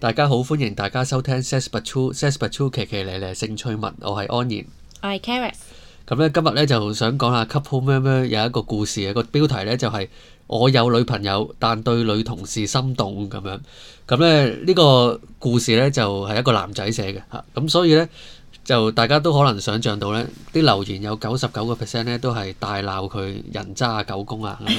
大家好，歡迎大家收聽 Sex Patrol，Sex Patrol 奇奇咧咧性趣聞，我係安然，我係 Carrot。咁咧今日咧就想講下 Couple 咩咩有一個故事啊，個標題咧就係我有女朋友，但對女同事心動咁樣。咁咧呢個故事咧就係一個男仔寫嘅吓，咁所以咧就大家都可能想象到咧，啲留言有九十九個 percent 咧都係大鬧佢人渣啊狗公啊咁樣，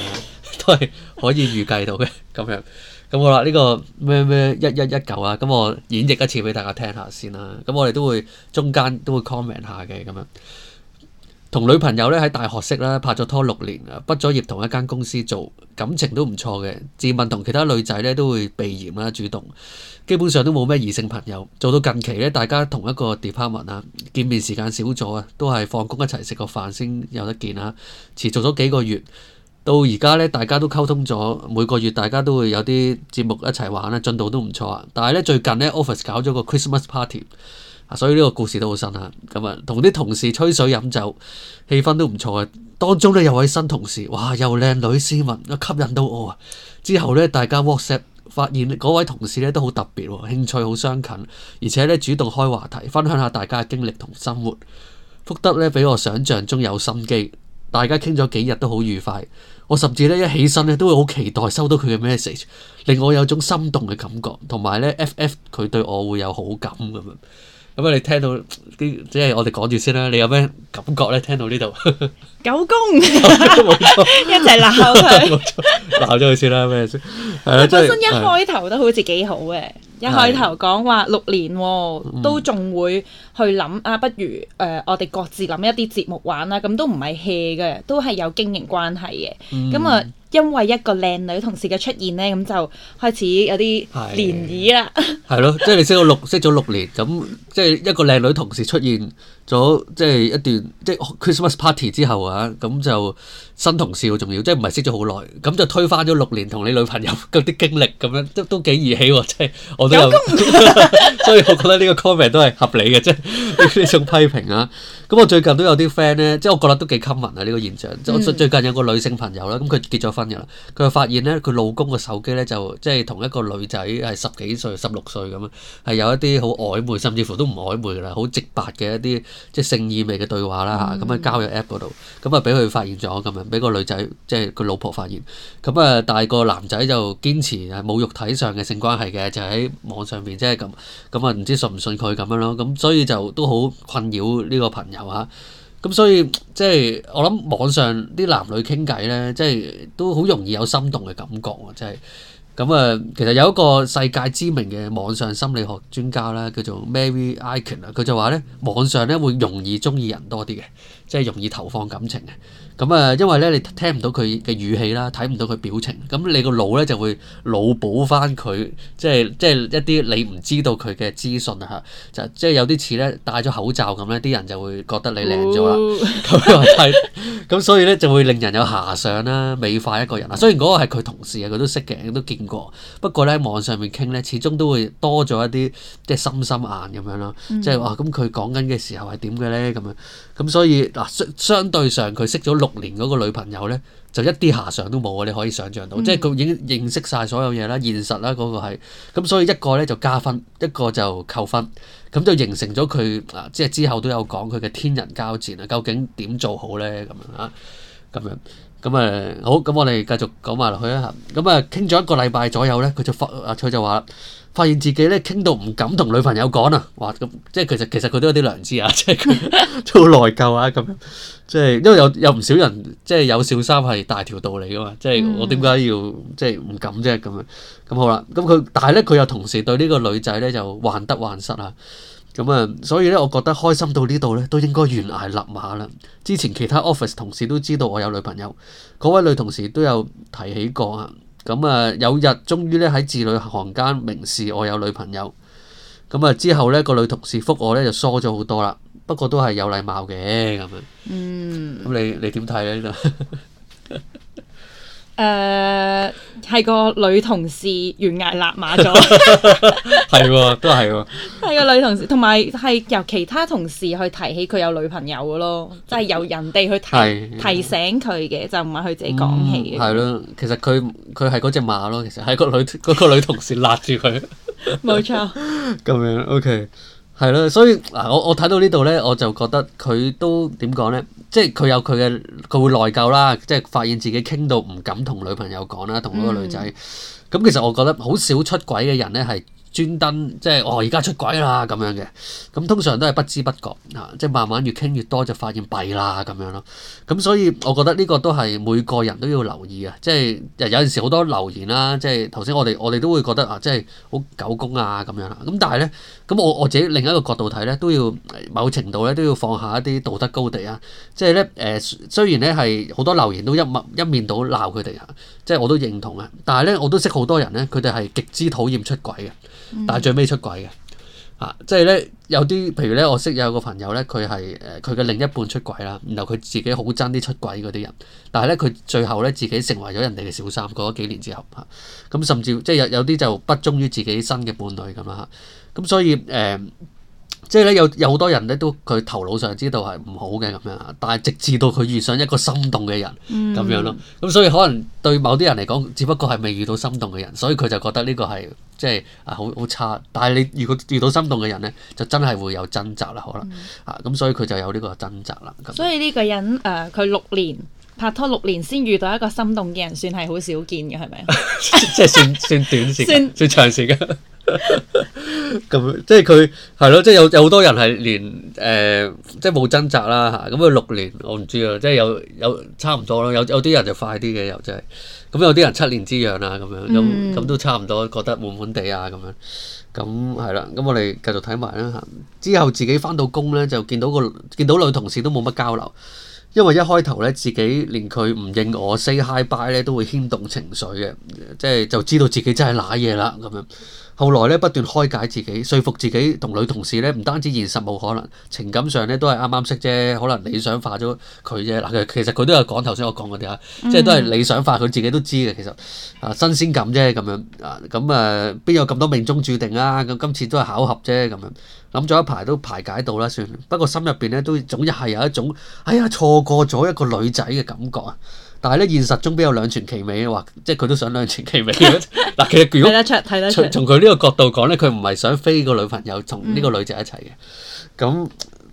都係可以預計到嘅咁樣。咁好啦，呢個咩咩一一一九啊？咁我演繹一次俾大家聽下先啦。咁我哋都會中間都會 comment 下嘅咁樣。同女朋友咧喺大學識啦，拍咗拖六年，畢咗業同一間公司做，感情都唔錯嘅。自問同其他女仔咧都會避嫌啦，主動，基本上都冇咩異性朋友。做到近期咧，大家同一個 department 啊，見面時間少咗啊，都係放工一齊食個飯先有得見啊。持續咗幾個月。到而家咧，大家都溝通咗，每個月大家都會有啲節目一齊玩啦，進度都唔錯啊！但係咧最近咧，Office 搞咗個 Christmas party，所以呢個故事都好新啊！咁、嗯、啊，同啲同事吹水飲酒，氣氛都唔錯啊！當中咧有位新同事，哇，又靚女斯文，吸引到我、啊。之後咧，大家 WhatsApp 發現嗰位同事咧都好特別、啊，興趣好相近，而且咧主動開話題，分享下大家嘅經歷同生活，福德咧比我想象中有心機。大家傾咗幾日都好愉快，我甚至咧一起身咧都會好期待收到佢嘅 message，令我有種心動嘅感覺，同埋咧 FF 佢對我會有好感咁樣。咁啊！你聽到啲即係我哋講住先啦，你有咩感覺咧？聽到呢度狗公一齊鬧佢，鬧咗佢先啦，咩先？我本身一開頭都好似幾好嘅，一開頭講話六年，都仲會去諗啊，不如誒，我哋各自諗一啲節目玩啦，咁都唔係 hea 嘅，都係有經營關係嘅，咁啊。因為一個靚女同事嘅出現呢，咁就開始有啲漣漪啦。係咯， 即係你識咗六， 識咗六年，咁即係一個靚女同事出現。咗即係一段即 Christmas party 之後啊，咁、嗯、就新同事好重要，即係唔係識咗好耐，咁就推翻咗六年同你女朋友嗰啲經歷咁樣，都都幾義氣喎，即、就、係、是、我都有，所以我覺得呢個 comment 都係合理嘅，即係呢種批評啊。咁、嗯、我、嗯嗯、最近都有啲 friend 咧，即係我覺得都幾 common 啊呢個現象。我最近有個女性朋友啦，咁佢結咗婚㗎啦，佢就發現咧佢老公嘅手機咧就即係同一個女仔係十幾歲、十六歲咁樣，係有一啲好曖昧，甚至乎都唔曖昧㗎啦，好直白嘅一啲。即性意味嘅對話啦嚇，咁啊交友 App 嗰度，咁啊俾佢發現咗，咁啊俾個女仔即係個老婆發現，咁啊但係個男仔就堅持係冇肉體上嘅性關係嘅，就喺網上面，即係咁，咁啊唔知信唔信佢咁樣咯，咁所以就都好困擾呢個朋友嚇，咁所以即係我諗網上啲男女傾偈咧，即係都好容易有心動嘅感覺喎，即係。咁啊、嗯，其實有一個世界知名嘅網上心理學專家啦，叫做 Mary Iken 啊，佢就話咧，網上咧會容易鍾意人多啲嘅，即係容易投放感情嘅。咁啊，因為咧你聽唔到佢嘅語氣啦，睇唔到佢表情，咁你個腦咧就會腦補翻佢，即係即係一啲你唔知道佢嘅資訊嚇，就即係有啲似咧戴咗口罩咁咧，啲人就會覺得你靚咗啦，咁樣睇，咁所以咧就會令人有遐想啦，美化一個人啊。雖然嗰個係佢同事啊，佢都識嘅，都見過，不過咧網上面傾咧，始終都會多咗一啲即係心心眼咁樣咯，即係話咁佢講緊嘅時候係點嘅咧咁樣，咁所以嗱相相對上佢識咗六。連嗰個女朋友呢，就一啲遐想都冇啊！你可以想象到，嗯、即係佢已經認識晒所有嘢啦、現實啦，嗰、嗰個係咁，所以一個呢，就加分，一個就扣分，咁就形成咗佢啊！即係之後都有講佢嘅天人交戰啊，究竟點做好呢？咁樣吓，咁樣咁啊，好，咁我哋繼續講埋落去啦。咁啊，傾咗一個禮拜左右呢，佢就發，阿翠就話。發現自己咧傾到唔敢同女朋友講啊，哇，咁即係其實其實佢都有啲良知啊，即係佢都好內疚啊咁，即係、就是、因為有有唔少人即係、就是、有小三係大條道理噶嘛，即、就、係、是、我點解要即係唔敢啫咁樣？咁、嗯、好啦，咁佢但係咧佢又同時對呢個女仔咧就患得患失啊，咁啊，所以咧我覺得開心到呢度咧都應該懸崖勒馬啦。之前其他 office 同事都知道我有女朋友，嗰位女同事都有提起過啊。咁啊，有日終於咧喺字裏行間明示我有女朋友，咁啊，之後呢個女同事覆我呢就疏咗好多啦，不過都係有禮貌嘅咁樣。嗯，咁你你點睇呢呢度？ 誒，係、uh, 個女同事懸崖勒馬咗，係喎，都係喎，係個女同事，同埋係由其他同事去提起佢有女朋友噶咯，即、就、係、係、由人哋去提是提醒佢嘅，就唔係佢自己講起嘅。係咯、嗯，其實佢佢係嗰隻馬咯，其實係個女、嗰個女同事勒住佢，冇 錯錯，咁 樣 OK。係咯，所以嗱，我我睇到呢度咧，我就覺得佢都點講咧，即係佢有佢嘅，佢會內疚啦，即係發現自己傾到唔敢同女朋友講啦，同嗰個女仔。咁，嗯，其實我覺得好少出軌嘅人咧，係專登即係哦而家出軌啦咁樣嘅。咁通常都係不知不覺啊，即係慢慢越傾越多就發現弊啦咁樣咯。咁，啊，所以我覺得呢個都係每個人都要留意啊，即係有陣時好多留言啦，即係頭先我哋我哋都會覺得啊，即係好狗公啊咁樣啦。咁但係咧。咁我我自己另一個角度睇咧，都要某程度咧都要放下一啲道德高地啊。即係咧誒，雖然咧係好多留言都一一面倒鬧佢哋，啊、就是，即係我都認同啊。但係咧，我都識好多人咧，佢哋係極之討厭出軌嘅，但係最尾出軌嘅啊。即係咧有啲譬如咧，我識有個朋友咧，佢係誒佢嘅另一半出軌啦，然後佢自己好憎啲出軌嗰啲人，但係咧佢最後咧自己成為咗人哋嘅小三。過咗幾年之後嚇，咁、啊、甚至即係、就是、有有啲就不忠於自己新嘅伴侶咁啦。啊咁、嗯、所以誒，即係咧有有好多人咧，都佢頭腦上知道係唔好嘅咁樣，但係直至到佢遇上一個心動嘅人咁、嗯、樣咯。咁、嗯、所以可能對某啲人嚟講，只不過係未遇到心動嘅人，所以佢就覺得呢個係即係啊好好差。但係你如果遇到心動嘅人咧，就真係會有掙扎啦，可能嚇咁，所以佢就有呢個掙扎啦。咁所以呢個人誒，佢、呃、六年拍拖六年先遇到一個心動嘅人，算係好少見嘅，係咪？ 即係算算短時間，算長時間。算咁即係佢係咯，即係有有好多人係連誒、呃，即係冇掙扎啦吓。咁佢六年，我唔知啊，即係有有差唔多咯。有有啲人就快啲嘅，又真係咁，有啲人七年之癢啦，咁樣咁都差唔多，覺得悶悶地啊，咁樣咁係啦。咁我哋繼續睇埋啦吓。之後自己返到工咧，就見到個見到女同事都冇乜交流，因為一開頭咧自己連佢唔應我 say hi bye 咧，都會牽動情緒嘅，即係就知道自己真係瀨嘢啦咁樣。後來咧不斷開解自己，說服自己同女同事咧，唔單止現實冇可能，情感上咧都係啱啱識啫，可能理想化咗佢啫。嗱，其實佢都有講頭先我講嗰啲嚇，即係都係理想化，佢自己都知嘅。其實啊，新鮮感啫咁樣啊，咁啊邊有咁多命中注定啊？咁今次都係巧合啫咁樣。諗咗一排都排解到啦，算。不過心入邊咧都總係有一種，哎呀錯過咗一個女仔嘅感覺啊！但係咧，現實中邊有兩全其美嘅話，即係佢都想兩全其美嗱。 其實，如果係啦， 睇得出，睇得出從從佢呢個角度講咧，佢唔係想飛個女朋友同呢個女仔一齊嘅咁。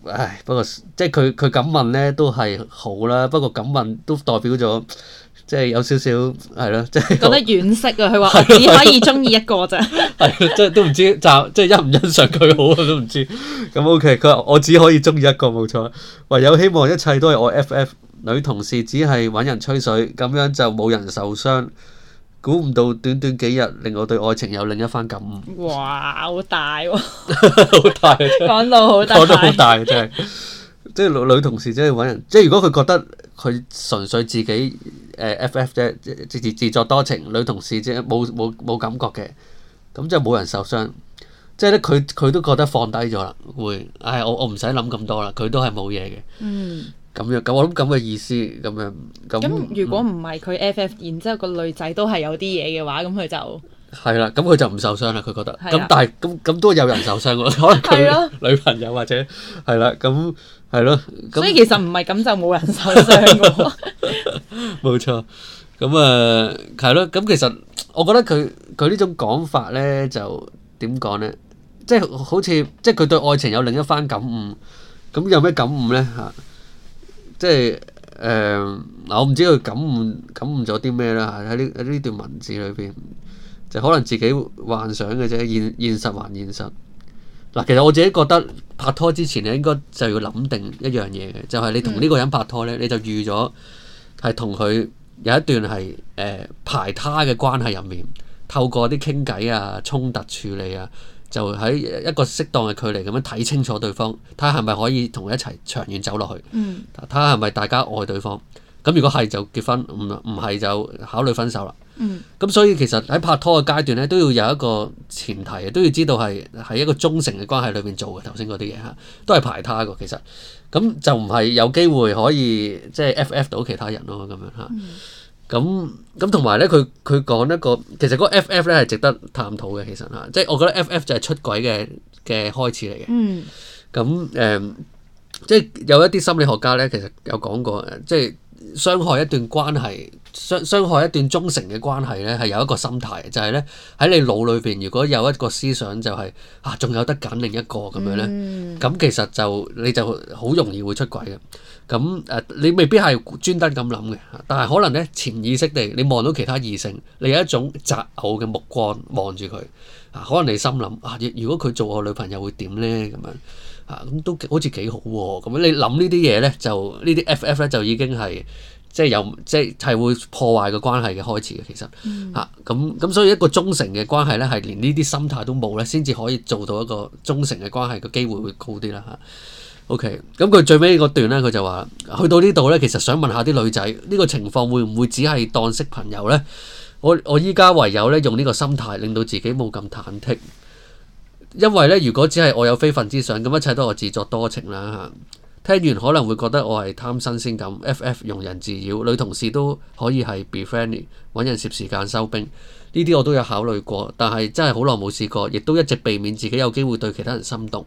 唉，不過即係佢佢噉問咧，都係好啦。不過噉問都代表咗。即係有少少係咯，即係覺得惋惜啊。佢話：只可以中意一個咋，係即係都唔知就即係欣唔欣賞佢好啊，都唔知咁 O K。佢話：我只可以中意一個冇、 OK，錯，唯有希望一切都係我 F F 女同事只係揾人吹水，咁樣就冇人受傷。估唔到短短幾日令我對愛情有另一番感悟。哇！好大喎、哦， 好大，講到好大，講到好大、就是，即係即係女同事即係揾人，即係如果佢覺得佢純粹自己。誒 FF 啫，直自自作多情，女同事即冇冇冇感覺嘅，咁即係就冇人受傷，即係咧佢佢都覺得放低咗啦，會，唉、哎，我我唔使諗咁多啦，佢都係冇嘢嘅，嗯，咁樣咁我諗咁嘅意思，咁樣咁。咁如果唔係佢 FF、嗯、然之後個女仔都係有啲嘢嘅話，咁佢就。係啦，咁佢就唔受傷啦。佢覺得咁的，但係咁咁都有人受傷咯。的可能佢女朋友或者係啦，咁係咯。所以其實唔係咁就冇人受傷嘅。冇錯咁啊，係咯。咁、嗯、其實我覺得佢佢呢種講法咧，就點講咧，即係好似即係佢對愛情有另一番感悟。咁有咩感悟咧？吓、啊，即係誒嗱，我唔知佢感悟感悟咗啲咩啦。喺呢喺呢段文字裏邊。就可能自己幻想嘅啫，現現實還現實。嗱，其實我自己覺得拍拖之前咧，應該就要諗定一樣嘢嘅，就係、是、你同呢個人拍拖咧，你就預咗係同佢有一段係誒、呃、排他嘅關係入面。透過啲傾偈啊、衝突處理啊，就喺一個適當嘅距離咁樣睇清楚對方，睇下係咪可以同佢一齊長遠走落去？睇下係咪大家愛對方？咁如果係就結婚，唔唔係就考慮分手啦。咁、嗯、所以其實喺拍拖嘅階段咧，都要有一個前提，都要知道係係一個忠誠嘅關係裏面做嘅。頭先嗰啲嘢嚇，都係排他嘅其實，咁就唔係有機會可以即係 FF 到其他人咯咁樣嚇。咁咁同埋咧，佢佢講一個其實嗰個 FF 咧係值得探討嘅其實嚇、啊，即係我覺得 FF 就係出軌嘅嘅開始嚟嘅。嗯，咁誒、呃，即係有一啲心理學家咧，其實有講過，即係。傷害一段關係，傷傷害一段忠誠嘅關係呢係有一個心態，就係呢，喺你腦裏邊，如果有一個思想就係啊，仲有得揀另一個咁樣呢。咁其實就你就好容易會出軌嘅。咁誒，你未必係專登咁諗嘅，但係可能呢，潛意識地，你望到其他異性，你有一種擇偶嘅目光望住佢，啊，可能你心諗啊，如果佢做我女朋友會點呢？咁樣。嚇咁都好似幾好喎、啊！咁你諗呢啲嘢呢，就呢啲 FF 呢，就已經係即係有即係會破壞個關係嘅開始嘅，其實嚇咁咁，嗯啊、所以一個忠誠嘅關係呢，係連呢啲心態都冇呢，先至可以做到一個忠誠嘅關係嘅機會會高啲啦嚇。OK，咁佢最尾嗰段呢，佢就話去到呢度呢，其實想問下啲女仔呢、呢個情況會唔會只係當識朋友呢？我我依家唯有呢，用呢個心態，令到自己冇咁忐忑。因為咧，如果只係我有非分之想，咁一切都係自作多情啦吓。聽完可能會覺得我係貪新鮮感。FF 庸人自擾，女同事都可以係 befriend 揾人攝時間收兵，呢啲我都有考慮過，但係真係好耐冇試過，亦都一直避免自己有機會對其他人心動。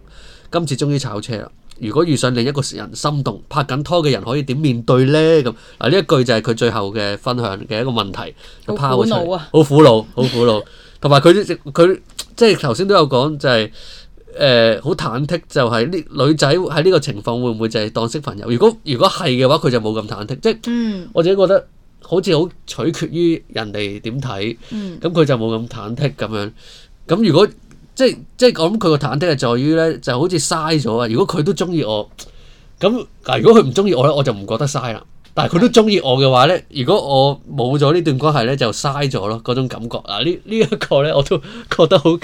今次終於炒車啦！如果遇上另一個人心動、拍緊拖嘅人，可以點面對呢？咁嗱，呢一句就係佢最後嘅分享嘅一個問題，拋出嚟。好苦惱，好苦惱，好苦惱。同埋佢，佢。即係頭先都有講、就係，就係誒好忐忑、就係。就係呢女仔喺呢個情況會唔會就係當識朋友？如果如果係嘅話，佢就冇咁忐忑。即係我自己覺得好似好取決於人哋點睇。咁佢就冇咁忐忑。咁樣。咁如果即係即係我諗佢個忐忑係在於呢，就好似嘥咗啊！如果佢都中意我，咁嗱，如果佢唔中意我咧，我就唔覺得嘥啦。但佢都中意我嘅話咧，如果我冇咗呢段關係咧，就嘥咗咯。嗰種感覺嗱，呢、啊、呢一個咧，我都覺得好，誒、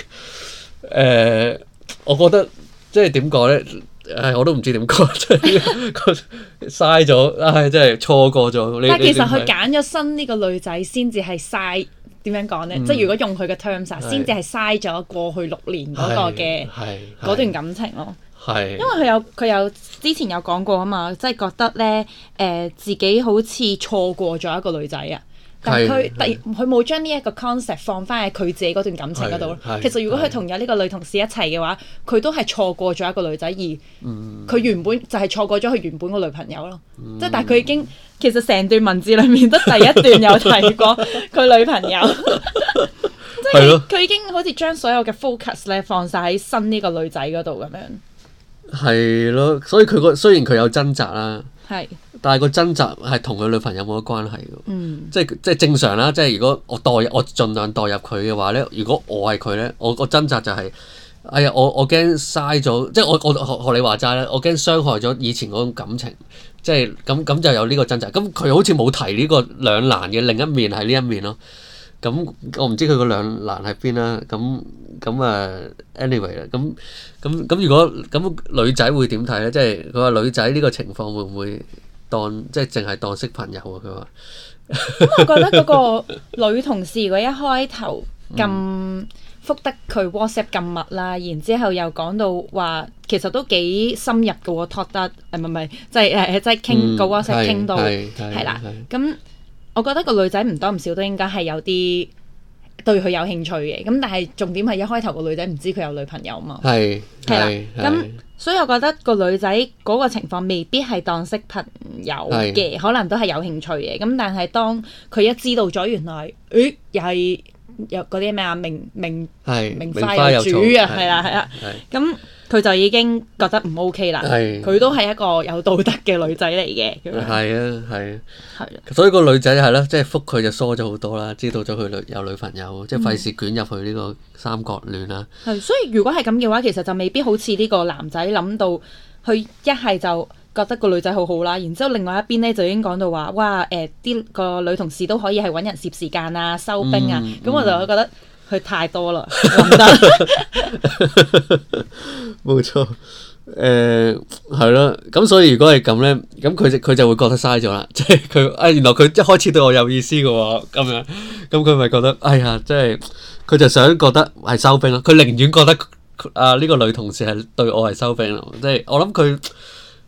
呃，我覺得即係點講咧，誒、哎，我都唔知點講、 哎，即係嘥咗，唉，即係錯過咗你。但其實佢揀咗新呢個女仔，先至係嘥，點樣講咧？即係如果用佢嘅 terms 啊先至係嘥咗過去六年嗰個嘅嗰段感情咯。因為佢有佢有之前有講過啊嘛，即係覺得咧誒、呃、自己好似錯過咗一個女仔啊，但係佢突佢冇將呢一個 concept 放翻喺佢自己嗰段感情嗰度。其實如果佢同有呢個女同事一齊嘅話，佢都係錯過咗一個女仔，而佢原本就係錯過咗佢原本個女朋友咯。嗯、即係但係佢已經其實成段文字裏面都第一段有提過佢女朋友，即係佢已經好似將所有嘅 focus 咧放晒喺新呢個女仔嗰度咁樣。係咯，所以佢個雖然佢有掙扎啦，係是，但係個掙扎係同佢女朋友冇乜關係噶，嗯，即係即係正常啦，即係如果我代我盡量代入佢嘅話咧，如果我係佢咧，我我掙扎就係，是，哎呀，我我驚嘥咗，即係我我學學你話齋咧，我驚傷害咗以前嗰種感情，即係咁咁就有呢個掙扎，咁佢好似冇提呢個兩難嘅另一面係呢一面咯。咁我唔知佢嗰兩難喺邊啦。咁咁誒，anyway 啦。咁咁咁，如果咁女仔會點睇咧？即係佢話女仔呢個情況會唔會當即係淨係當識朋友啊？佢話咁我覺得嗰個女同事如果一開頭咁覆得佢 WhatsApp 咁密啦，然之後又講到話，其實都幾深入㗎喎。托得誒唔係唔係，就係誒即係傾個 WhatsApp 傾到係啦。咁我覺得個女仔唔多唔少都應該係有啲對佢有興趣嘅，咁但係重點係一開頭個女仔唔知佢有女朋友嘛，係係啦，咁所以我覺得個女仔嗰個情況未必係當識朋友嘅，是可能都係有興趣嘅，咁但係當佢一知道咗原來，誒、哎、又係。有嗰啲咩啊？明明明花又主啊，係啦係啦，咁佢就已經覺得唔 OK 啦。佢都係一個有道德嘅女仔嚟嘅。係啊係啊係啊，所以個女仔係咯，即係復佢就疏咗好多啦，知道咗佢女有女朋友，即係費事捲入去呢個三角戀啦。係，所以如果係咁嘅話，其實就未必好似呢個男仔諗到，佢一係就。覺得個女仔好好啦，然之後另外一邊咧就已經講到話，哇誒啲個女同事都可以係揾人攝時間啊、收兵啊，咁我就覺得佢太多啦。冇錯，誒係咯，咁所以如果係咁咧，咁佢就佢就會覺得嘥咗啦，即係佢啊，原來佢一開始對我有意思嘅喎，咁樣咁佢咪覺得哎呀，即係佢就想覺得係收兵咯，佢寧願覺得啊呢個女同事係對我係收兵咯，即係我諗佢。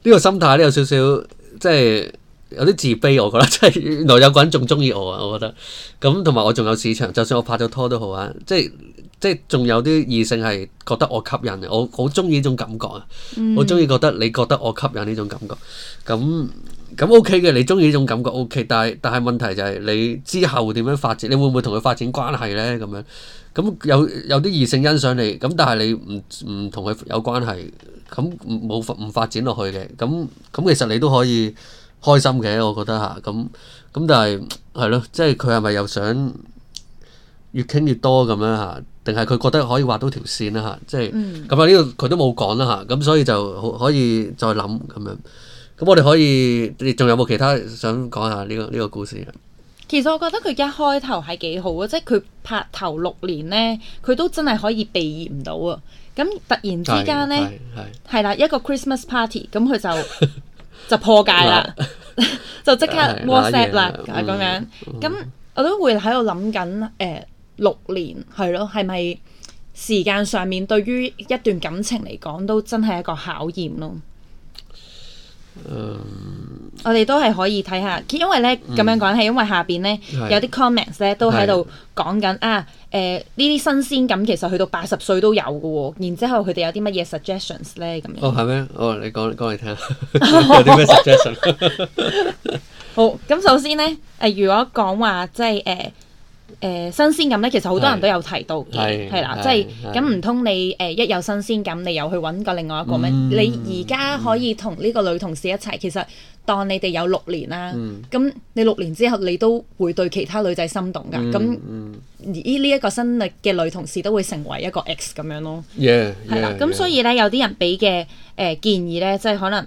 呢個心態咧有少少即係有啲自卑，我覺得即係原來有個人仲中意我啊！我覺得咁同埋我仲有市場，就算我拍咗拖都好啊！即係即係仲有啲異性係覺得我吸引，我好中意呢種感覺啊！我中意覺得你覺得我吸引呢種感覺，咁咁 OK 嘅，你中意呢種感覺 OK，但係但係問題就係你之後點樣發展？你會唔會同佢發展關係呢？咁樣咁有有啲異性欣賞你，咁但係你唔唔同佢有關係？咁冇發唔發展落去嘅，咁咁其實你都可以開心嘅，我覺得吓，咁咁但係係咯，即係佢係咪又想越傾越多咁樣吓？定係佢覺得可以畫到條線啦吓？即係咁啊，呢個佢都冇講啦吓，咁所以就可以再諗咁樣。咁我哋可以，你仲有冇其他想講下呢個呢個故事？其實我覺得佢一開頭係幾好啊，即係佢拍頭六年呢，佢都真係可以避嫌唔到啊。咁突然之間呢，係啦，一個 Christmas party，咁佢就 就破戒啦， 就即刻 WhatsApp 啦，咁樣、 嗯。咁、嗯、我都會喺度諗緊，誒、呃、六年係咯，係咪時間上面對於一段感情嚟講，都真係一個考驗咯。嗯，um, 我哋都係可以睇下，因為咧咁、嗯、樣講係因為下邊咧是有啲 comments 咧都喺度講緊啊，誒呢啲新鮮感其實去到八十歲都有嘅喎、哦，然之後佢哋有啲乜嘢 suggestions 咧咁樣。哦係咩？哦你講講嚟聽下，看看 有啲咩 suggestion？ 好，咁首先咧誒、呃，如果講話即係誒。即係呃誒、呃、新鮮感咧，其實好多人都有提到嘅，係啦是，即係咁唔通你誒、呃、一有新鮮感，你又去揾個另外一個咩？嗯、你而家可以同呢個女同事一齊，嗯、其實當你哋有六年啦、啊，咁、嗯、你六年之後你都會對其他女仔心動㗎，咁而呢一個新嘅女同事都會成為一個 ex 咁樣咯，係啦，咁所以咧有啲人俾嘅誒建議咧，即、就、係、是、可能。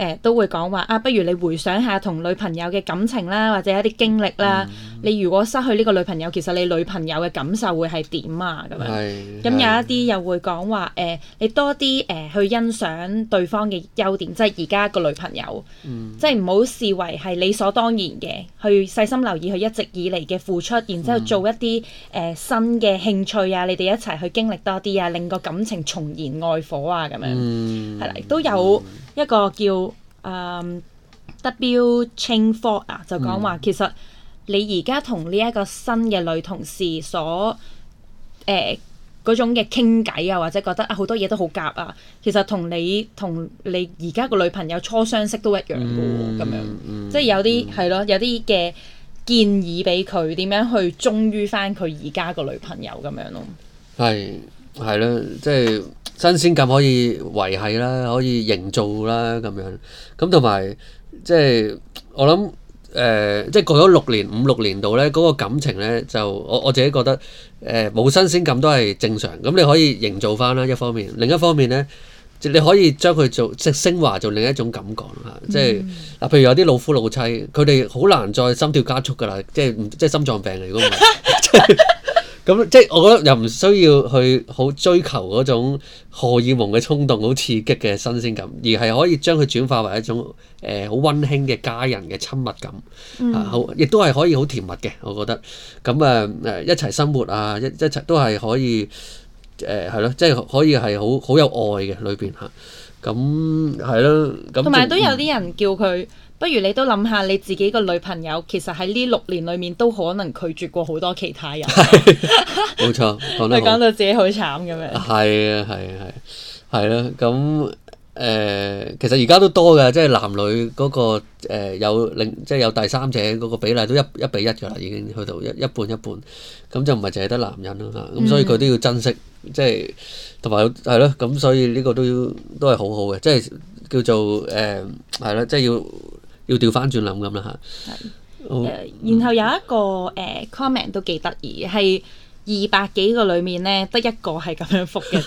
誒都會講話啊，不如你回想下同女朋友嘅感情啦，或者一啲經歷啦。嗯、你如果失去呢個女朋友，其實你女朋友嘅感受會係點啊？咁樣。咁係有一啲又會講話誒，你多啲誒、呃、去欣賞對方嘅優點，即係而家個女朋友，嗯、即係唔好視為係理所當然嘅，去細心留意佢一直以嚟嘅付出，然之後做一啲誒、嗯呃、新嘅興趣啊，你哋一齊去經歷多啲啊，令個感情重燃愛火啊，咁樣。嗯。係啦，都有。一個叫誒、um, W Chingford 啊，就講話其實你而家同呢一個新嘅女同事所誒嗰、呃、種嘅傾偈啊，或者覺得啊好多嘢都好夾啊，其實同你同你而家個女朋友初相識都一樣嘅喎，咁、嗯、樣，嗯、即係有啲係咯，有啲嘅建議俾佢點樣去忠於返佢而家個女朋友咁樣咯，係係咯，即係。就是新鮮感可以維繫啦，可以營造啦咁樣，咁同埋即係我諗誒，即、呃、係、就是、過咗六年、五六年度咧，嗰、那個感情咧就我我自己覺得誒冇、呃、新鮮感都係正常。咁你可以營造翻啦，一方面，另一方面咧，即你可以將佢做即係升華做另一種感覺嚇，即係嗱，譬如有啲老夫老妻，佢哋好難再心跳加速噶啦，即係即係心臟病嚟都唔係。 咁即係，我覺得又唔需要去好追求嗰種荷爾蒙嘅衝動，好刺激嘅新鮮感，而係可以將佢轉化為一種誒好溫馨嘅家人嘅親密感啊，好，亦都係可以好甜蜜嘅。我覺得咁誒誒一齊生活啊，一一齊都係可以誒係咯，即、呃、係可以係好好有愛嘅裏邊嚇。咁係咯，咁同埋都有啲人叫佢。不如你都諗下你自己個女朋友，其實喺呢六年裏面都可能拒絕過好多其他人 錯。冇錯，講得到 自己好慘咁樣。係啊，係啊，係、啊，係咯、啊。咁、嗯、誒，其實而家都多噶，即係男女嗰、嗰個誒、嗯、有另，即係有第三者嗰個比例都一一比一噶啦，已經去到一一半一半。咁、嗯嗯、就唔係淨係得男人啦吓，咁、嗯、所以佢都要珍惜，即係同埋係咯。咁、啊、所以呢個都，都、嗯啊啊就是、要，都係好好嘅，即係叫做誒係啦，即係要。要調翻轉諗，咁啦嚇，然後有一個誒 comment 都幾得意，係二百幾個裡面咧，得一個係咁樣覆嘅。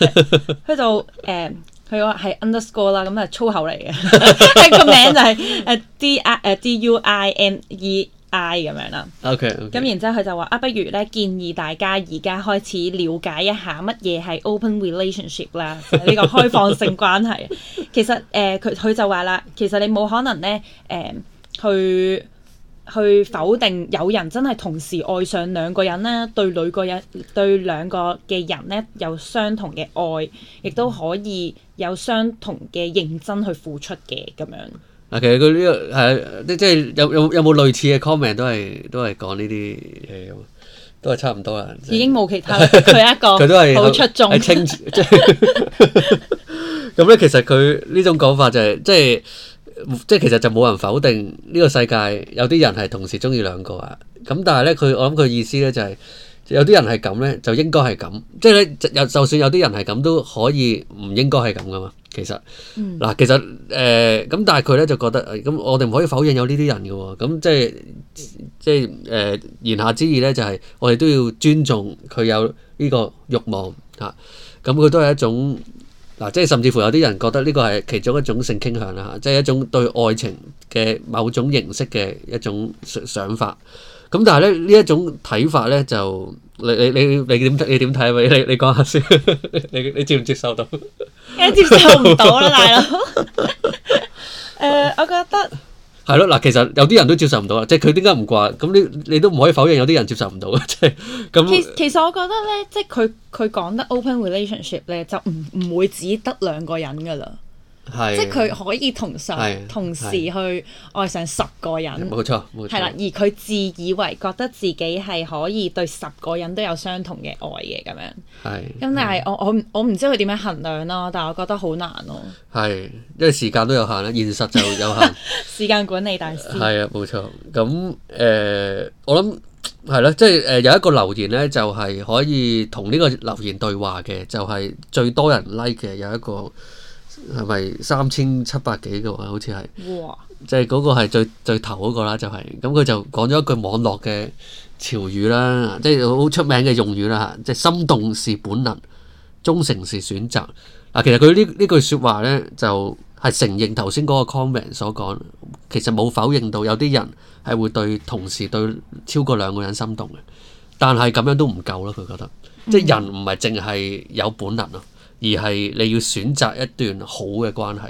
佢就誒佢個係 underscore 啦，咁啊粗口嚟嘅，係個名就係誒 d i 誒 d u i n e。I 咁樣啦，OK，咁 okay. 然之後佢就話啊，不如咧建議大家而家開始了解一下乜嘢係 open relationship 啦，呢個開放性關係。 其實誒，佢、呃、佢就話啦，其實你冇可能咧誒、呃，去去否定有人真係同時愛上兩個人咧，對兩個人對兩個嘅人咧有相同嘅愛，亦都可以有相同嘅認真去付出嘅咁樣。啊，其實佢呢個係，即係有有有冇類似嘅 comment 都係都係講呢啲嘢咁，都係差唔多啦。已經冇其他，佢一個，佢都係好出眾。喺青，即係咁咧。其實佢呢種講法就係，即係即係其實就冇人否定呢個世界有啲人係同時鍾意兩個啊。咁但係咧，佢我諗佢意思咧就係有啲人係咁咧，就應該係咁。即係咧，就有就算有啲人係咁都可以，唔應該係咁㗎嘛。其實嗱，嗯、其實誒咁、呃，但係佢咧就覺得，咁、嗯、我哋唔可以否認有呢啲人嘅喎，咁、嗯、即係即係誒、呃、言下之意咧，就係、係、我哋都要尊重佢有呢個慾望嚇，咁、啊、佢、嗯、都係一種嗱、啊，即係甚至乎有啲人覺得呢個係其中一種性傾向啦、啊，即係一種對愛情嘅某種形式嘅一種想法。咁但係咧，呢一種睇法咧就，你你你你點你點睇啊？你你講下先，你你接唔接受到？我接受唔到啦，大佬。誒，我覺得係咯嗱，其實有啲人都接受唔到啦，即係佢點解唔掛？咁你你都唔可以否認有啲人接受唔到嘅，即係咁。其其實我覺得咧，即係佢佢講得 open relationship 咧，就唔唔會只得兩個人噶啦。即係佢可以同上的同時去愛上十個人，冇錯係啦。而佢自以為覺得自己係可以對十個人都有相同嘅愛嘅咁樣，係咁的。但係我的我我唔知佢點樣衡量咯，但我覺得好難咯、啊。係因為時間都有限啦，現實就有限。 時間管理大師係啊，冇錯咁誒、呃。我諗係啦，即係誒有一個留言咧，就係、是、可以同呢個留言對話嘅，就係、是、最多人 like 嘅有一個。係咪三千七百幾個好似係，即係嗰個係最最頭嗰，那個啦，就係咁佢就講咗一句網絡嘅潮語啦，即係好出名嘅用語啦嚇，即、就、係、是、心動是本能，忠誠是選擇。嗱、啊，其實佢呢呢句説話呢，就係承認頭先嗰個 comment 所講，其實冇否認到有啲人係會對同事對超過兩個人心動嘅，但係咁樣都唔夠咯，佢覺得即係、就是、人唔係淨係有本能咯。嗯嗯而係你要選擇一段好嘅關係，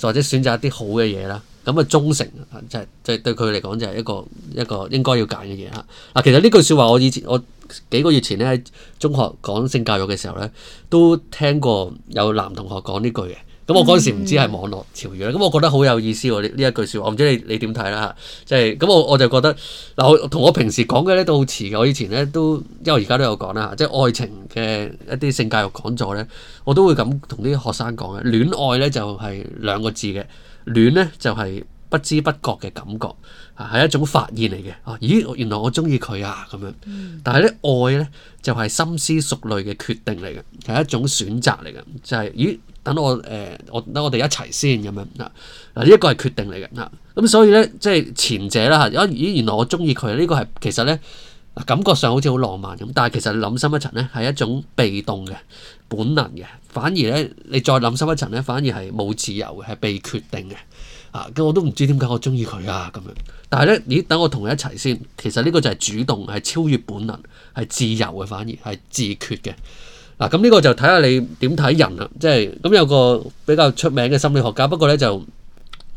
或者選擇一啲好嘅嘢啦。咁啊，忠誠即係即係對佢嚟講就係一個一個應該要揀嘅嘢嚇。嗱，啊，其實呢句説話我以前我幾個月前咧喺中學講性教育嘅時候咧都聽過有男同學講呢句嘅。咁我嗰陣時唔知係網絡潮語咧，咁我覺得好有意思喎！呢呢一句説話，我唔知你你點睇啦？即係咁，我我就覺得嗱，同我，我平時講嘅咧都好似。我以前咧都，因為而家都有講啦，即係愛情嘅一啲性教育講座咧，我都會咁同啲學生講嘅。戀愛咧就係兩個字嘅，戀咧就係不知不覺嘅感覺，係一種發現嚟嘅。哦，咦，原來我中意佢啊咁樣。但係咧，愛咧就係深思熟慮嘅決定嚟嘅，係一種選擇嚟嘅，就係咦。等我誒、呃，我等我哋一齊先咁樣嗱嗱，呢、這、一個係決定嚟嘅嗱，咁所以咧即係前者啦嚇、啊，咦原來我中意佢呢個係其實咧感覺上好似好浪漫咁，但係其實你諗深一層咧係一種被動嘅本能嘅，反而咧你再諗深一層咧，反而係冇自由嘅，係被決定嘅啊！咁我都唔知點解我中意佢啊咁樣，但係咧咦，咦等我同佢一齊先，其實呢個就係主動，係超越本能，係自由嘅，反而係自決嘅。嗱，咁呢、啊這個就睇下你點睇人啦，即係咁有個比較出名嘅心理學家，不過呢，就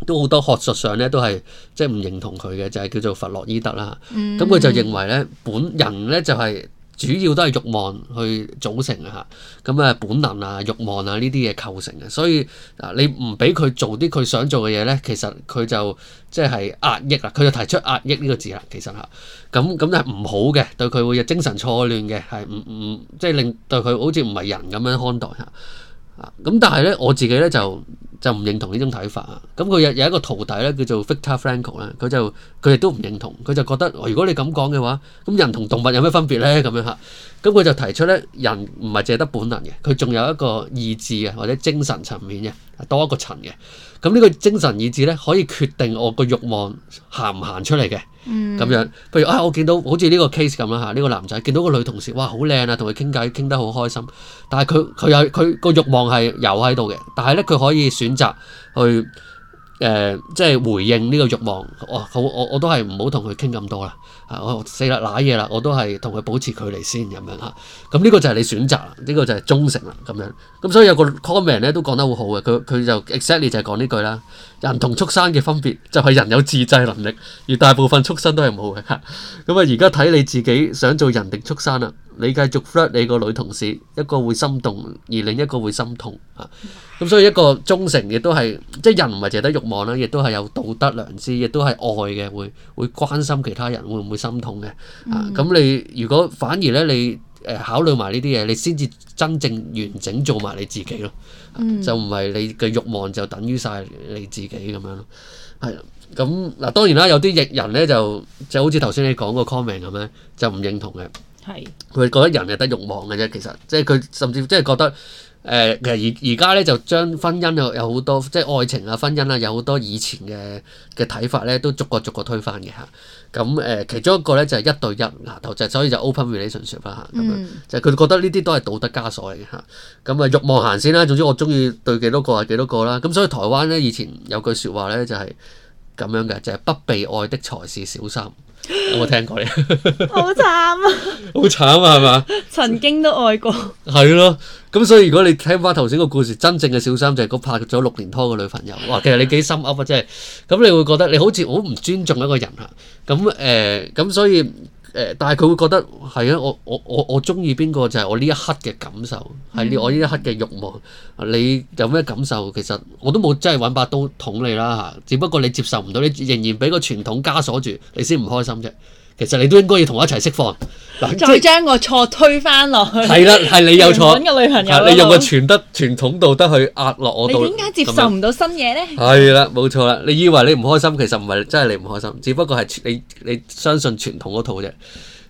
都好多學術上呢，都係即係唔認同佢嘅，就係、是、叫做弗洛伊德啦。咁佢、嗯、就認為呢，本人呢，就係、是。主要都係慾望去組成㗎，咁啊本能啊慾望啊呢啲嘢構成嘅，所以啊你唔俾佢做啲佢想做嘅嘢呢，其實佢就即係、就係、壓抑啦，佢就提出壓抑呢個字啦，其實嚇，咁咁都係唔好嘅，對佢會有精神錯亂嘅。係唔唔即係令對佢好似唔係人咁樣看待嚇，咁、啊嗯、但係呢，我自己呢就。就唔認同呢種睇法啊！咁佢有有一個徒弟咧，叫做 Victor Franco 咧，佢就佢哋都唔認同，佢就覺得、哦、如果你咁講嘅話，咁人同動物有咩分別呢？」咁樣嚇，咁佢就提出咧，人唔係淨係得本能嘅，佢仲有一個意志啊，或者精神層面嘅，多一個層嘅。咁呢個精神意志呢，可以決定我個欲望行唔行出嚟嘅咁樣。譬如啊，我見到好似呢個 case 咁樣吓，呢、呢個男仔見到個女同事，哇，好靚啊，同佢傾偈傾得好開心，但係佢佢有佢個欲望係有喺度嘅，但係呢，佢可以選擇去。誒，uh，即係回應呢個欲望，哦，好，我我都係唔好同佢傾咁多啦，啊，我 Aw，死啦，賴嘢啦，我都係同佢保持距離先咁樣吓。咁呢個就係你選擇啦，呢個就係忠誠啦咁樣。咁所以有個 comment 咧都講得好好嘅，佢佢就 exactly 就係講呢句啦。人同畜生嘅分別就係人有自制能力，而大部分畜生都係冇嘅吓。咁啊，而家睇你自己想做人定畜生啦。你繼續 flirt 你個女同事，一個會心動，而另一個會心痛啊！咁所以一個忠誠亦都係，即係人唔係淨係得慾望啦，亦都係有道德良知，亦都係愛嘅，會會關心其他人，會唔會心痛嘅。咁你如果反而呢，你誒、呃、考慮埋呢啲嘢，你先至真正完整做埋你自己咯，啊嗯、就唔係你嘅慾望就等於晒你自己咁樣咯。係咁嗱，當然啦，有啲逆人呢，就就好似頭先你講個 comment 咁咧，就唔認同嘅。係，佢是覺得人係得慾望嘅啫，其實即係佢甚至即係覺得，誒、呃、其實而而家咧就將婚姻有有好多即係愛情啊、婚姻啊有好多以前嘅嘅睇法咧，都逐個逐個推翻嘅嚇。咁、啊、誒，其中一個咧就係、是、一對一牙頭制，所以就 open relationship 啦、啊，咁樣就佢、嗯、覺得呢啲都係道德枷鎖嚟嘅嚇。咁啊慾望行先啦，總之我鍾意對幾多個係幾多個啦。咁、啊、所以台灣咧以前有句説話咧就係咁樣嘅，就係、是就是、不被愛的才是小三。有冇聽過嘅、 啊 ？好慘啊！好慘啊，係嘛？曾經都愛過 。係咯，咁所以如果你聽翻頭先個故事，真正嘅小三就係嗰拍咗六年拖嘅女朋友。哇，其實你幾心噏啊，即係咁你會覺得你好似好唔尊重一個人啊。咁誒，咁、呃、所以。但係佢會覺得係啊！我我我我中意邊個就係我呢一刻嘅感受，係我呢一刻嘅欲望。你有咩感受？其實我都冇真係揾把刀捅你啦嚇，只不過你接受唔到，你仍然俾個傳統枷鎖住，你先唔開心啫。其實你都應該要同我一齊釋放嗱，再將個錯推翻落去係啦，係是你有錯嘅女朋友，你用個傳德傳統道德去壓落我度，你點解接受唔到新嘢呢？係啦，冇錯啦，你以為你唔開心，其實唔係真係你唔開心，只不過係你你相信傳統嗰套啫。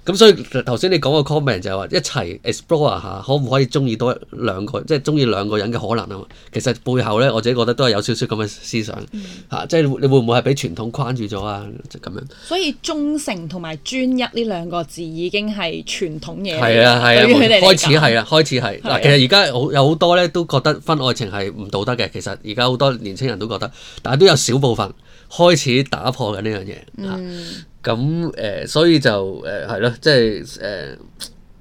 咁所以頭先你講個 comment 就係話一齊 explore 一下，可唔可以中意多兩個，即係中意兩個人嘅可能啊？其實背後咧，我自己覺得都係有少少咁嘅思想嚇、嗯啊，即係你會唔會係俾傳統框住咗啊？就咁樣。所以忠誠同埋專一呢兩個字已經係傳統嘢，啊啊、對於佢哋開始係啊，開始係嗱。啊、其實而家有好多咧，都覺得分愛情係唔道德嘅。其實而家好多年青人都覺得，但係都有少部分開始打破緊呢樣嘢。嗯咁誒、呃，所以就誒係咯，即係誒、呃，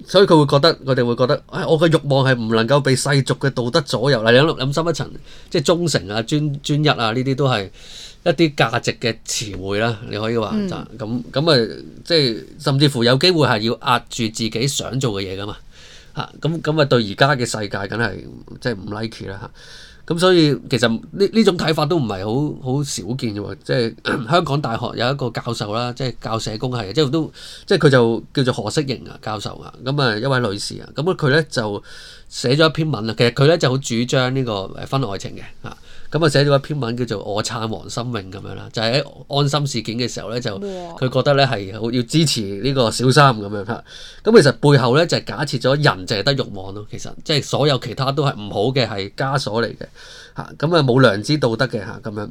所以佢會覺得，我哋會覺得，啊、哎，我嘅欲望係唔能夠被世俗嘅道德左右。嗱、嗯，你諗，諗深一層，即係忠誠啊、專專一啊，呢啲都係一啲價值嘅詞彙啦，你可以話就咁，咁啊，即係甚至乎有機會係要壓住自己想做嘅嘢噶嘛，嚇，咁咁啊，對而家嘅世界梗係即係唔 like 啦嚇。啊。咁所以其實呢呢種睇法都唔係好好少見嘅喎，即係 香港大學有一個教授啦，即係教社工係即係都即係佢就叫做何式凝啊教授啊，咁啊一位女士啊，咁啊佢呢就寫咗一篇文啦，其實佢呢就好主張呢個誒婚外情嘅嚇。咁啊，寫咗一篇文叫做《我撐黃心穎》咁樣啦，就係、是、喺安心事件嘅時候咧，就佢覺得咧係好要支持呢個小三咁樣嚇。咁其實背後咧就係、是、假設咗人淨係得慾望咯，其實即係、就是、所有其他都係唔好嘅，係枷鎖嚟嘅嚇。咁啊冇良知道德嘅嚇咁樣。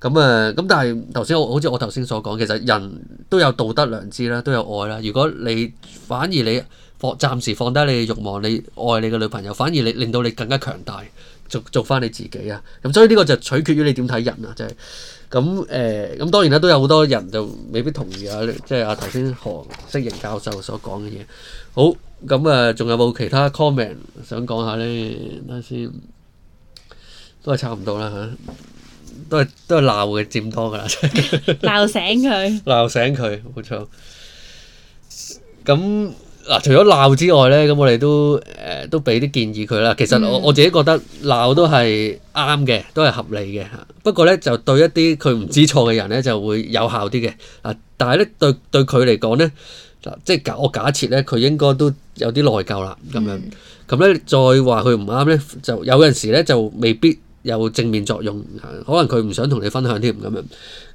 咁啊咁，但係頭先好似我頭先所講，其實人都有道德良知啦，都有愛啦。如果你反而你放暫時放低你嘅慾望，你愛你嘅女朋友，反而你令到你更加強大。做做翻你自己啊！咁所以呢個就取決於你點睇人啊，真係咁誒。咁、呃、當然咧，都有好多人就未必同意啊。即係阿頭先何適瑩教授所講嘅嘢。好咁啊，仲有冇其他 comment 想講下呢？等下先，都係差唔多啦嚇、啊，都係都係鬧嘅佔多㗎啦，真係鬧 醒佢他，鬧醒佢，冇錯。咁。嗱，除咗鬧之外咧，咁我哋都誒、呃、都俾啲建議佢啦。其實我我自己覺得鬧都係啱嘅，都係合理嘅。不過咧，就對一啲佢唔知錯嘅人咧，就會有效啲嘅。啊，但係咧對對佢嚟講咧，嗱即係假我假設咧，佢應該都有啲內疚啦。咁樣咁咧，再話佢唔啱咧，就有陣時咧就未必有正面作用。可能佢唔想同你分享添咁樣。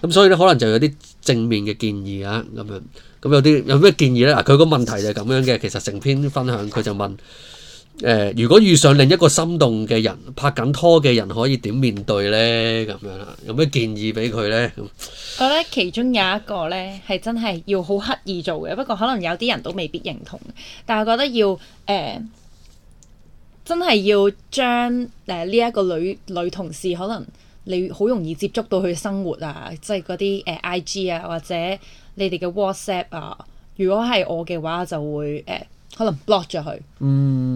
咁所以咧，可能就有啲正面嘅建議啊咁樣。咁有啲有咩建議呢？嗱，佢個問題就係咁樣嘅，其實成篇分享佢就問、呃：「如果遇上另一個心動嘅人，拍緊拖嘅人，可以點面對呢？」咁樣啦，有咩建議俾佢呢？我覺得其中有一個呢，係真係要好刻意做嘅，不過可能有啲人都未必認同。但我覺得要誒、呃，真係要將誒呢一個女女同事，可能你好容易接觸到佢生活啊，即係嗰啲誒 IG 啊，或者。你哋嘅 WhatsApp 啊，如果係我嘅話就會誒。啊可能 block 咗佢，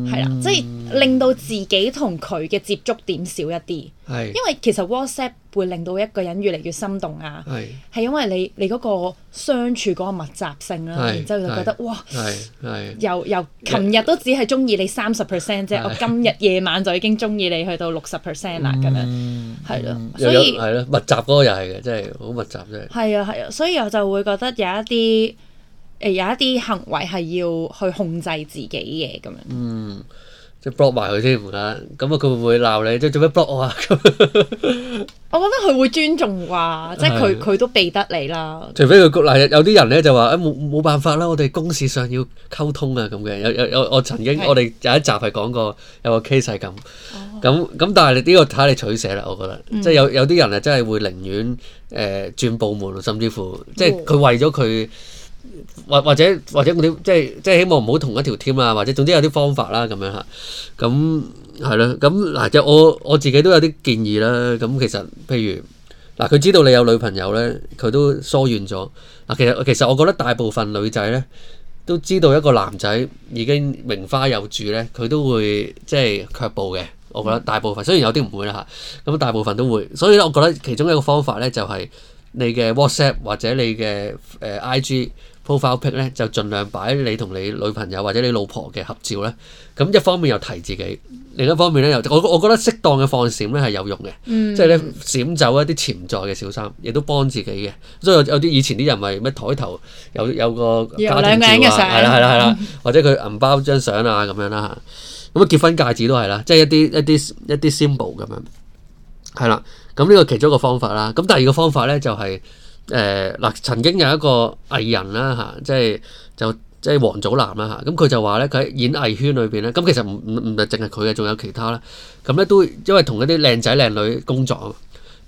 係啦，即係令到自己同佢嘅接觸點少一啲，因為其實 WhatsApp 會令到一個人越嚟越心動啊，係因為你你嗰個相處嗰個密集性啦，然之後就覺得哇，係係由由琴日都只係中意你三十 percent 啫，我今日夜晚就已經中意你去到六十 percent 啦咁樣，係咯，所以係咯，密集嗰個又係嘅，即係好密集啫。係，係啊係啊，所以我就會覺得有一啲。誒，有一啲行為係要去控制自己嘅咁樣，嗯，即係 block 埋佢先唔得。咁啊，佢會唔會鬧你？即係做咩 block 我啊？ 我覺得佢會尊重啩，啊，即係佢佢都避得你啦。除非佢有啲人咧就話啊，冇、哎、冇辦法啦，我哋公事上要溝通啊，咁嘅有有有我曾經 Okay. 我哋有一集係講過有個 case 係咁咁咁，但係呢個睇下你取捨啦。我覺得、嗯、即係有有啲人啊，真係會寧願誒轉部門，甚至乎即係佢為咗佢。或或者或者我哋即係即係希望唔好同一條 team 啊，或者，或者總之有啲方法啦咁樣吓，咁係咯，咁嗱就我我自己都有啲建議啦。咁其實譬如嗱，佢知道你有女朋友咧，佢都疏遠咗。嗱，其實其實我覺得大部分女仔咧都知道一個男仔已經名花有主咧，佢都會即係卻步嘅。我覺得大部分，雖然有啲唔會啦吓，咁大部分都會。所以咧，我覺得其中一個方法咧就係、是。你嘅 WhatsApp 或者你嘅誒 IG profile pic 咧，就盡量擺你同你女朋友或者你老婆嘅合照啦。咁一方面又提自己，另一方面咧又我我覺得適當嘅放閃咧係有用嘅，嗯、即係咧閃走一啲潛在嘅小三，亦都幫自己嘅。所以有啲以前啲人咪咩枱頭有有個家庭照啊，係啦係啦係啦，或者佢銀包張相啊咁樣啦、啊。咁結婚戒指都係啦、啊，即係一啲一啲一啲 symbol 咁樣，係啦、啊。咁呢個其中一個方法啦，咁第二個方法呢，就係誒嗱曾經有一個藝人啦嚇、啊，即係就即係王祖藍啦嚇，咁、啊、佢、啊、就話佢喺演藝圈裏邊呢，咁、啊、其實唔唔唔係淨係佢嘅，仲有其他啦，咁、啊、呢都因為同一啲靚仔靚女工作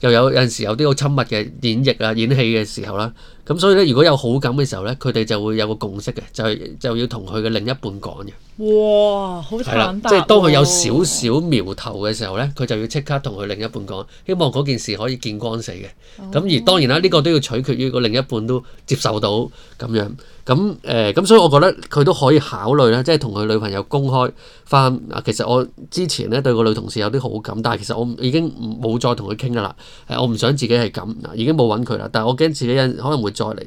又有有陣時候有啲好親密嘅演繹，啊演戲嘅時候啦，咁所以咧如果有好感嘅時候咧，佢哋就會有個共識嘅，就係就要同佢嘅另一半講嘅。哇，好簡單，哦。係啦，即係當佢有少少苗頭嘅時候咧，佢就要即刻同佢另一半講，希望嗰件事可以見光死嘅。咁而當然啦，呢、這個都要取決於個另一半都接受到咁樣。咁誒咁，所以我覺得佢都可以考慮咧，即係同佢女朋友公開翻。嗱，其實我之前咧對個女同事有啲好感，但係其實我已經冇再同佢傾噶啦。誒，我唔想自己係咁，已經冇揾佢啦。但係我驚自己有可能會再嚟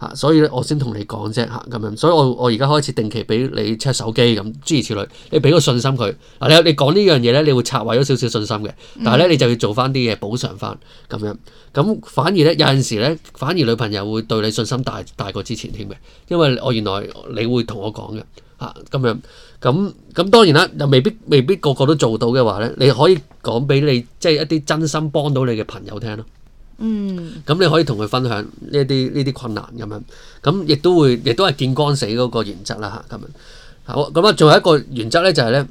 嚇，所以咧我先同你講啫嚇咁樣。所以我我而家開始定期俾你 check 手機咁，諸如此類。你俾個信心佢嗱，你你講呢樣嘢咧，你會拆毀咗少少信心嘅。但係咧，你就要做翻啲嘢補償翻咁樣。咁反而咧有陣時咧，反而女朋友會對你信心大大過之前添嘅。因為我原來你會同我講嘅嚇咁樣，咁咁當然啦，又未必未必個個都做到嘅話咧，你可以講俾你即係、就是、一啲真心幫到你嘅朋友聽咯。嗯、啊，咁你可以同佢分享呢一啲呢啲困難咁樣，咁亦都會亦都係見光死嗰個原則啦嚇。咁樣好咁啊，最後一個原則咧就係、是、咧。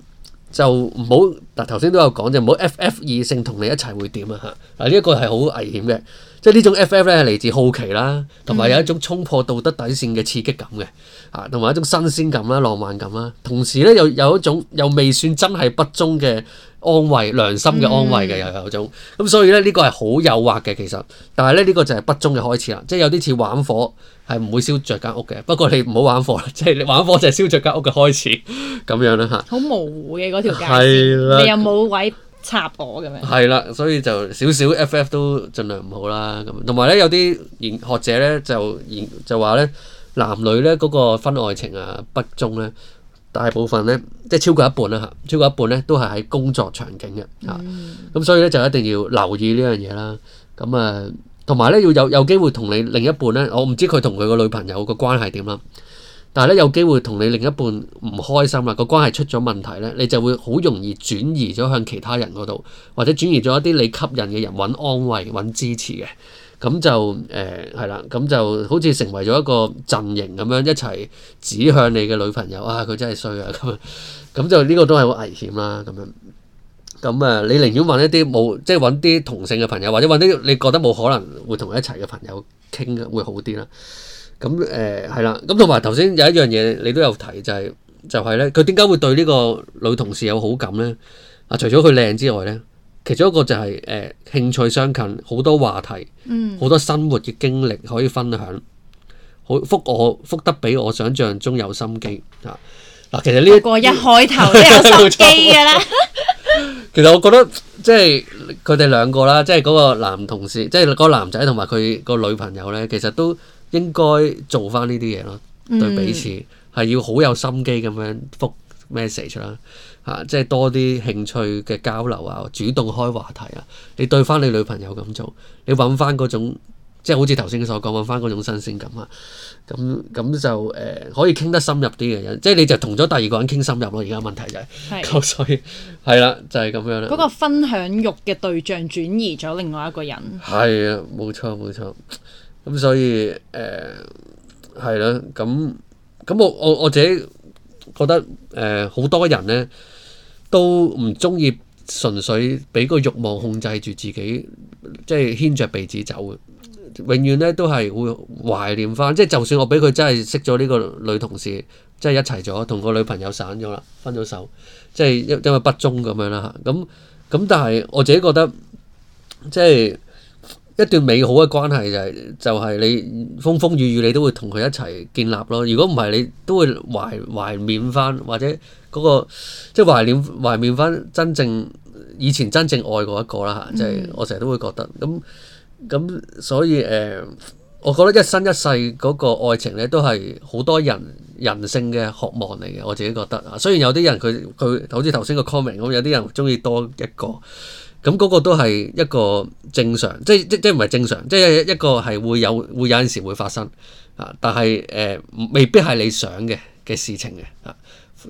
就唔好嗱，頭先都有講就唔好 F.F 異性同你一齊會點啊嚇！嗱、啊，呢一個係好危險嘅，即係呢種 F.F 咧嚟自好奇啦，同埋有，有一種衝破道德底線嘅刺激感嘅，啊，同埋一種新鮮感啦、啊、浪漫感啦、啊，同時咧又有，有一種又未算真係不忠嘅。安慰良心嘅安慰嘅又有種咁，嗯、所以咧呢、這個係好誘惑嘅其實，但係咧呢、這個就係不忠嘅開始啦，即係有啲似玩火，係唔會燒着間屋嘅。不過你唔好玩火啦，即係你玩火就係燒着間屋嘅開始咁樣啦嚇。好模糊嘅嗰條界線，的你又冇位插火咁樣。係啦，所以就少少 FF 都儘量唔好啦咁。同埋咧有啲研學者咧就研就話咧，男女咧嗰、那個婚外情啊不忠咧。大部分咧，即係超過一半啦、啊、嚇，超過一半咧都係喺工作場景嘅嚇，咁、啊 mm。所以咧就一定要留意呢樣嘢啦。咁啊，同埋咧要有呢有，有機會同你另一半咧，我唔知佢同佢個女朋友個關係點啦。但係咧有機會同你另一半唔開心啦，個關係出咗問題咧，你就會好容易轉移咗向其他人嗰度，或者轉移咗一啲你吸引嘅人揾安慰、揾支持嘅。咁就誒係啦，咁、嗯、就好似成為咗一個陣營咁樣一齊指向你嘅女朋友啊！佢真係衰啊！咁咁就呢個都係好危險啦。咁樣咁誒，你寧願問一啲冇即係揾啲同性嘅朋友，或者揾啲你覺得冇可能會同佢一齊嘅朋友傾，會好啲啦。咁誒係啦。咁同埋頭先有一樣嘢你都有提，就係、係、就係、係、咧，佢點解會對呢個女同事有好感咧？啊，除咗佢靚之外咧。其中一個就係、是、誒、欸、興趣相近，好多話題，嗯，好多生活嘅經歷可以分享，好覆，我覆得比我想象中有心機吓嗱。其實呢個一開頭都有心機噶啦。 錯 其實我覺得即係佢哋兩個啦，即係嗰個男同事，即係嗰個男仔同埋佢個女朋友咧，其實都應該做翻呢啲嘢咯，對彼此係、嗯、要好有心機咁樣覆 message 啦。啊，即係多啲興趣嘅交流啊，主動開話題啊，你對翻你女朋友咁做，你揾翻嗰種，即係好似頭先所講，揾翻嗰種新鮮感啊，咁咁就誒、呃、可以傾得深入啲嘅人，即係你就同咗第二個人傾深入咯。而家問題就係、是，咁係啦，就係、是、咁樣啦。嗰個分享欲嘅對象轉移咗另外一個人，係啊，冇錯冇錯。咁、嗯、所以誒係啦，咁、呃、咁我我我自己覺得誒好、呃、多人呢。 都唔中意純粹俾個慾望控制住自己，即係牽着鼻子走。永遠呢都係會懷念翻，即係就算我俾佢真係識咗呢個女同事，即係一齊咗，同個女朋友散咗啦，分咗手，即係因為不忠咁樣啦嚇。咁咁但係我自己覺得，即係一段美好嘅關係就係就係你風風雨雨你都會同佢一齊建立咯。如果唔係你都會懷懷念翻或者。嗰、那個即係懷念懷念返真正以前真正愛過一個啦嚇，即係、嗯、我成日都會覺得咁咁，所以誒、呃，我覺得一生一世嗰個愛情咧，都係好多人人性嘅渴望嚟嘅。我自己覺得啊，雖然有啲人佢佢好似頭先個 comment 咁，有啲人鍾意多一個，咁、那、嗰個都係一個正常，即係即即係唔係正常，即係一個係會有會有陣時會發生、呃、啊，但係誒未必係你想嘅嘅事情嘅啊。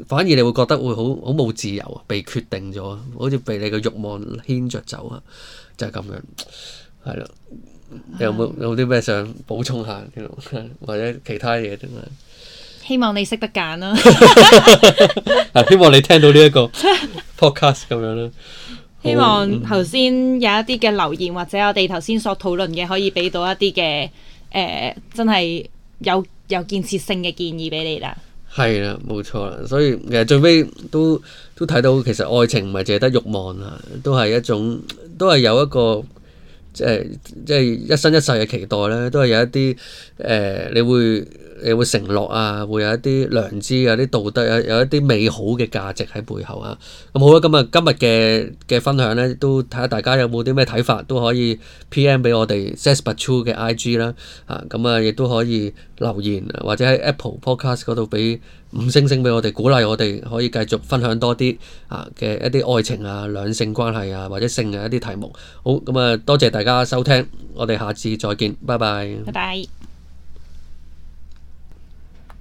反而你會覺得會好好冇自由啊，被決定咗，好似被你嘅慾望牽着走啊，就係、是、咁樣，係咯。有冇有冇啲咩想補充下， 或者其他嘢嘅嘛？希望你識得揀啦、啊。嗱 希望你聽到呢一個 podcast 咁 樣啦。希望頭先有一啲嘅留言，或者我哋頭先所討論嘅，可以俾到一啲嘅誒，真係有有建設性嘅建議俾你啦。係啦，冇錯啦，所以其最尾都都睇到，其實愛情唔係淨係得慾望啊，都係一種，都係有一個。即係即係一生一世嘅期待咧，都係有一啲誒、呃，你會你會承諾啊，會有一啲良知，啊，啲道德，啊，有一啲美好嘅價值喺背後啊。咁、嗯、好啦，咁啊今日嘅嘅分享咧，都睇下大家有冇啲咩睇法，都可以 PM 俾我哋 Zest But True 嘅 IG 啦、啊。啊，咁啊亦都可以留言，或者喺 Apple Podcast 度俾五星星畀我哋鼓勵，我哋可以繼續分享多啲啊嘅一啲愛情啊、兩性關係啊或者性嘅、啊、一啲題目。好，咁啊多謝大家收聽，我哋下次再見，拜拜。拜拜。